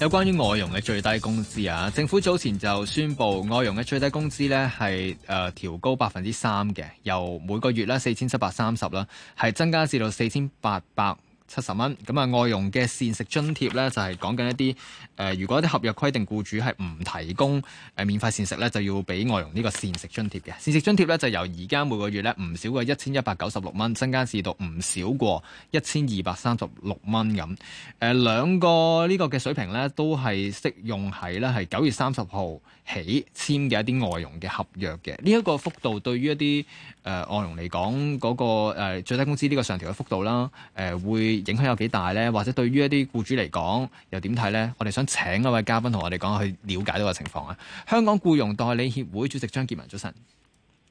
有關於外傭嘅最低工資啊，政府早前就宣布外傭嘅最低工資呢係呃調高百分之三嘅，由每個月四千七百三十啦，係增加至到四千八百七十蚊咁啊，外傭嘅膳食津貼咧就係講緊一啲誒、呃，如果一啲合約規定僱主係唔提供誒免費膳食咧，就要俾外傭呢個膳食津貼嘅。膳食津貼咧就由而家每個月咧唔少過一千一百九十六蚊，增加至到唔少過一千二百三十六蚊咁。誒、呃、兩個呢個嘅水平咧都係適用喺咧係九月三十號起簽嘅一啲外傭嘅合約嘅。呢、這、一個幅度對於一啲誒、呃、外傭嚟講嗰個、呃、最低工資呢個上調嘅幅度啦，誒、呃、會。影響有幾大呢？或者對於一啲僱主嚟講又點睇呢？我哋想請一位嘉賓同我哋講去了解呢個情況啊。香港僱傭代理協會主席張結民，早晨，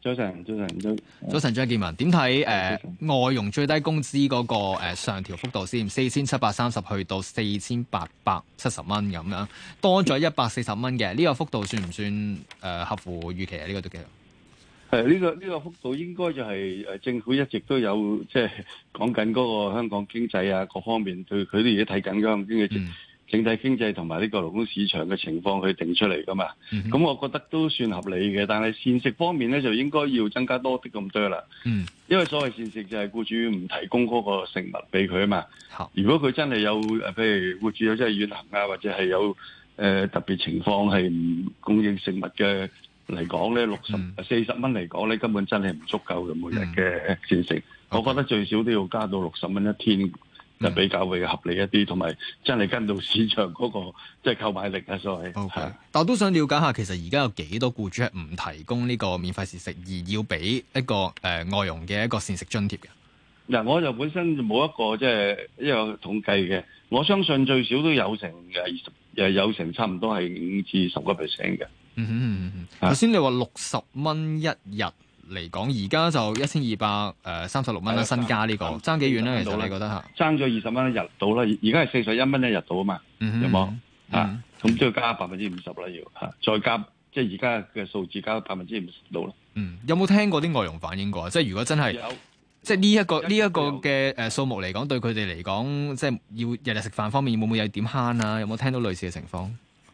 早晨，早晨，早晨，張結民點睇誒外傭最低工資嗰、那個、呃、上調幅度先四千七百三十去到四千八百七十蚊咁樣，多咗一百四十蚊嘅呢個幅度算唔算誒、呃、合乎預期呢、啊這個都幾？誒、這個，呢個呢個幅度應該就係誒，政府一直都有即係講緊嗰個香港經濟啊，各方面對佢哋而家睇緊嘅經經濟、經濟同埋呢個勞工市場嘅情況去定出嚟噶嘛。咁、嗯、我覺得都算合理嘅，但係膳食方面咧就應該要增加多啲咁多啦。嗯，因為所謂膳食就係雇主唔提供嗰個食物俾佢啊嘛。好，如果佢真係有誒，譬如雇主有真係遠行啊，或者係有誒、呃、特別情況係唔供應食物嘅。嚟講咧，六十四十蚊嚟講咧，根本真係唔足夠嘅每日嘅膳食。我覺得最少都要加到六十蚊一天，就比較會合理一啲，同、嗯、埋真係跟到市場嗰、那個即係購買力所謂。Okay, 但我都想了解下，其實而家有幾多僱主係唔提供呢個免費膳食，而要俾一個、呃、外傭嘅一個膳食津貼嘅？嗱，我就本身冇一個即係、就是、一個統計嘅，我相信最少都有成有成差唔多係五至十個 percent 嘅。嗯嗯嗯頭先你話六十蚊一日嚟講，而、啊、家就一千二百誒三十六蚊啦，新加、這個啊啊啊啊、呢個爭幾遠咧？其實你覺得吓？爭咗二十蚊一日到啦，而家係四十一蚊一日到啊嘛？有冇、嗯、啊？咁再加百分之五十啦要吓，再加即係而家嘅數字加百分之五十到咯。嗯，有冇聽過啲外傭反映過？即係如果真係，即係呢一個呢一、這個嘅誒數目嚟講，對佢哋嚟講，即係要日日食飯方面會唔會有點慳啊？有冇聽到類似嘅情況？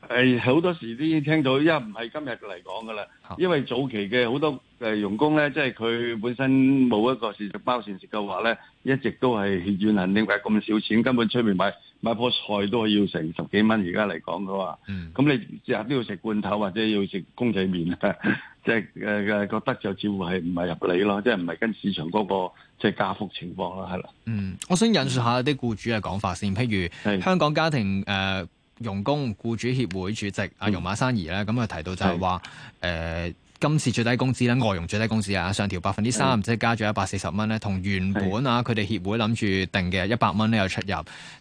係、哎、好多時啲聽到，因為唔係今日嚟講噶啦，因為早期嘅好多誒傭工咧，即係佢本身冇一個膳食包膳食嘅話咧，一直都係怨恨另外咁少錢，根本出面買買棵菜都要成十幾蚊，而家嚟講嘅話，咁、嗯、你即係都要食罐頭或者要食公仔麵啊，即係誒誒覺得就似乎係唔係合理咯，即係唔係跟市場嗰、那個即係加幅情況啦，係啦。嗯，我想引述一下啲僱主嘅講法先，譬如香港家庭誒。傭工僱主協會主席阿容馬生儀咧，咁、嗯、佢提到就係話誒。今次最低工資咧，外傭最低工資啊，上調百分之三，即係加咗一百四十蚊咧，同原本啊，佢哋協會諗住定嘅一百蚊呢，有出入。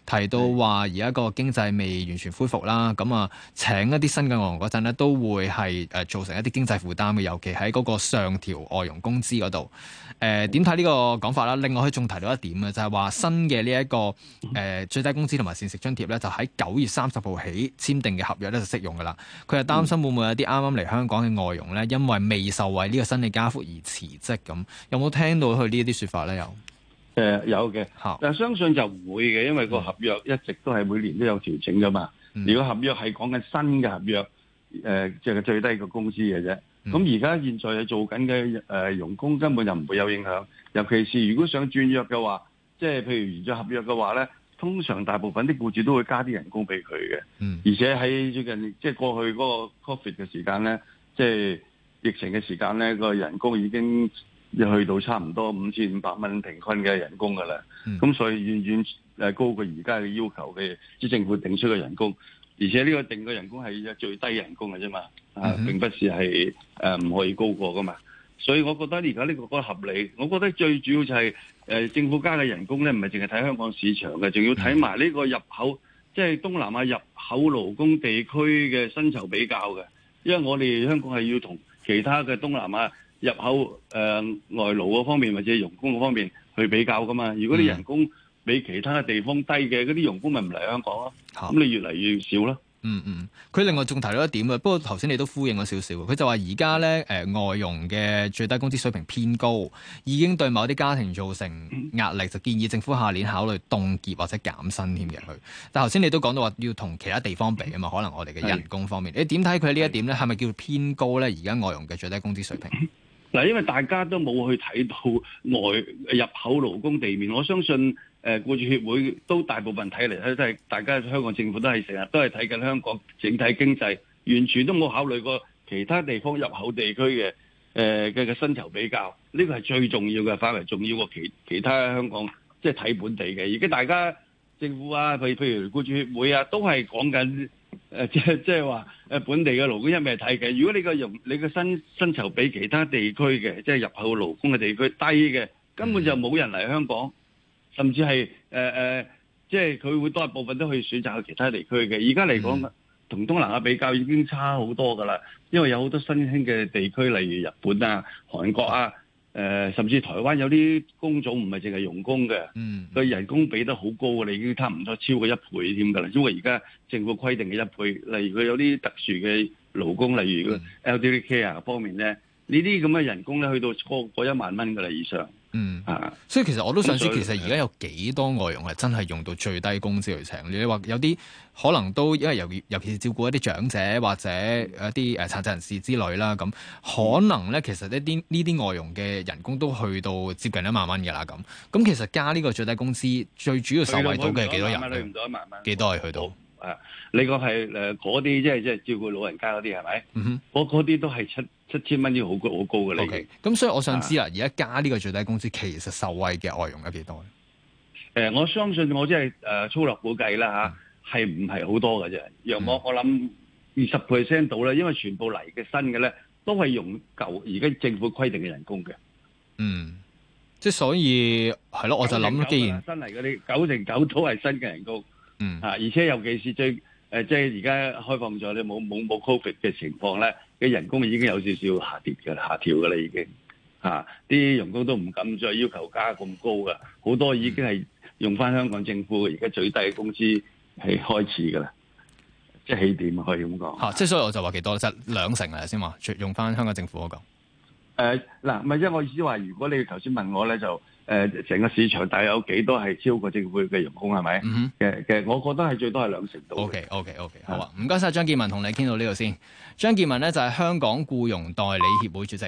提到話，而家個經濟未完全恢復啦，咁啊，請一啲新嘅外傭嗰陣咧，都會係誒造成一啲經濟負擔嘅，尤其喺嗰個上調外傭工資嗰度。誒點睇呢個講法啦？另外，可以仲提到一點啊，就係話新嘅呢一個誒最低工資同埋膳食津貼咧，就喺九月三十號起簽訂嘅合約咧，就適用噶啦。佢係擔心會唔會有啲啱啱嚟香港嘅外傭咧，因為未受惠呢個生理加幅而辭職咁，有冇聽到佢呢一啲說法咧？有，誒有嘅吓，但係相信就唔會嘅，因為個合約一直都係每年都有調整噶嘛、嗯。如果合約係講緊新嘅合約，誒即係最低嘅工資嘅啫。咁而家現在係做緊嘅誒傭工根本就唔會有影響。尤其是如果想轉約嘅話，即係譬如延續合約嘅話咧，通常大部分啲僱主都會加啲人工俾佢嘅。嗯，而且喺最近即係過去嗰個 Covid 嘅時間咧，即係。疫情嘅時間咧，個人工已經去到差唔多五千五百蚊平均嘅人工㗎喇，咁、嗯、所以遠遠高過而家嘅要求嘅，即政府定出嘅人工，而且呢個定嘅人工係最低人工嘅啫嘛，啊、嗯，並不是係唔、呃、可以高過㗎嘛，所以我覺得而家呢個覺得合理。我覺得最主要就係、是呃、政府加嘅人工咧，唔係淨係睇香港市場嘅，仲要睇埋呢個入口，即係東南亞入口勞工地區嘅薪酬比較嘅，因為我哋香港係要同。其他嘅東南亞入口誒內、呃、勞嗰方面，或者傭工嗰方面去比較噶嘛。如果啲人工比其他嘅地方低嘅，嗰啲傭工咪唔嚟香港咯。咁你越嚟越少囉。嗯嗯，佢、嗯、另外仲提到一點啊，不過頭先你都呼應咗少少，佢就話而家咧，誒外傭嘅最低工資水平偏高，已經對某啲家庭造成壓力，就建議政府下年考慮凍結或者減薪添嘅佢。但係頭先你都講到話要同其他地方比啊嘛，嗯，可能我哋嘅人工方面，是你點睇佢呢一點咧？係咪叫偏高咧？而家外傭嘅最低工資水平嗱，因為大家都冇去睇到外入口勞工地面，我相信。誒僱主協會都大部分睇嚟咧，都係大家香港政府都係成日都係睇緊香港整體經濟，完全都冇考慮過其他地方入口地區嘅誒嘅嘅薪酬比較，呢個係最重要嘅範圍，重要過其其他香港即係睇本地嘅。而家大家政府啊，譬如譬如僱主協會啊，都係講緊誒即係即係話誒本地嘅勞工一味睇嘅。如果你個融你個薪薪酬比其他地區嘅即係入口勞工嘅地區低嘅，根本就冇人嚟香港。甚至係誒、呃呃、即係佢會多一部分都可以選擇去其他地區嘅。而家嚟講，同、嗯、東南亞比較已經差好多㗎啦。因為有好多新興嘅地區，例如日本啊、韓國啊，呃、甚至台灣有啲工種唔係淨係用工嘅，嗯，佢人工俾得好高㗎你已經差唔多超過一倍添㗎啦。因為而家政府規定嘅一倍，例如佢有啲特殊嘅勞工，例如 elderly care 啊方面咧，呢啲咁嘅人工咧，去到超過一萬蚊㗎啦以上。嗯，所以其實我都想知，其實而家有幾多外傭係真係用到最低工資去請？你話有啲可能都因為尤尤其是照顧一啲長者或者一啲誒殘疾人士之類啦，咁可能咧其實一啲呢啲外傭嘅人工都去到接近一萬蚊嘅啦。咁咁其實加呢個最低工資，最主要受惠到嘅係幾多人？幾多係去到？誒、啊，你講係誒嗰啲，即係即係照顧老人家嗰啲，係咪？嗯、哼，我嗰啲都係七七千蚊，已經好高好高嘅你。O K，咁所以我想知啦，而、啊、家加呢個最低工資，其實受惠嘅外傭有幾多？誒、呃，我相信我即係誒粗略估計啦吓，係唔係好多嘅啫？若我諗二十 percent 到啦，因為全部嚟嘅新嘅咧，都係用舊而家政府規定嘅人工嘅。嗯，即係所以係咯，我就諗，既然新嚟啲九成九都係新嘅人工。嗯吓，而且尤其是最誒、呃，即係而家開放咗你冇冇冇 covid 嘅情況咧，嘅人工已經有少少下跌嘅，下調噶啦已經吓，啲、啊、員工都唔敢再要求加咁高噶，好多已經係用翻香港政府而家最低嘅工資係開始噶啦，即係起點可以咁講吓，即、啊、係所以我就話幾多少，即係兩成嚟先話，用翻香港政府嗰、那個誒嗱，唔係即係我意思話，如果你頭先問我咧就。誒、呃，整個市場，大約有幾多係超過政府嘅人工係咪？嗯嘅嘅，我覺得係最多係兩成度。OK、OK、OK，好啊，唔該晒張結民，同你傾到呢度先。張結民咧就係香港僱傭代理協會主席。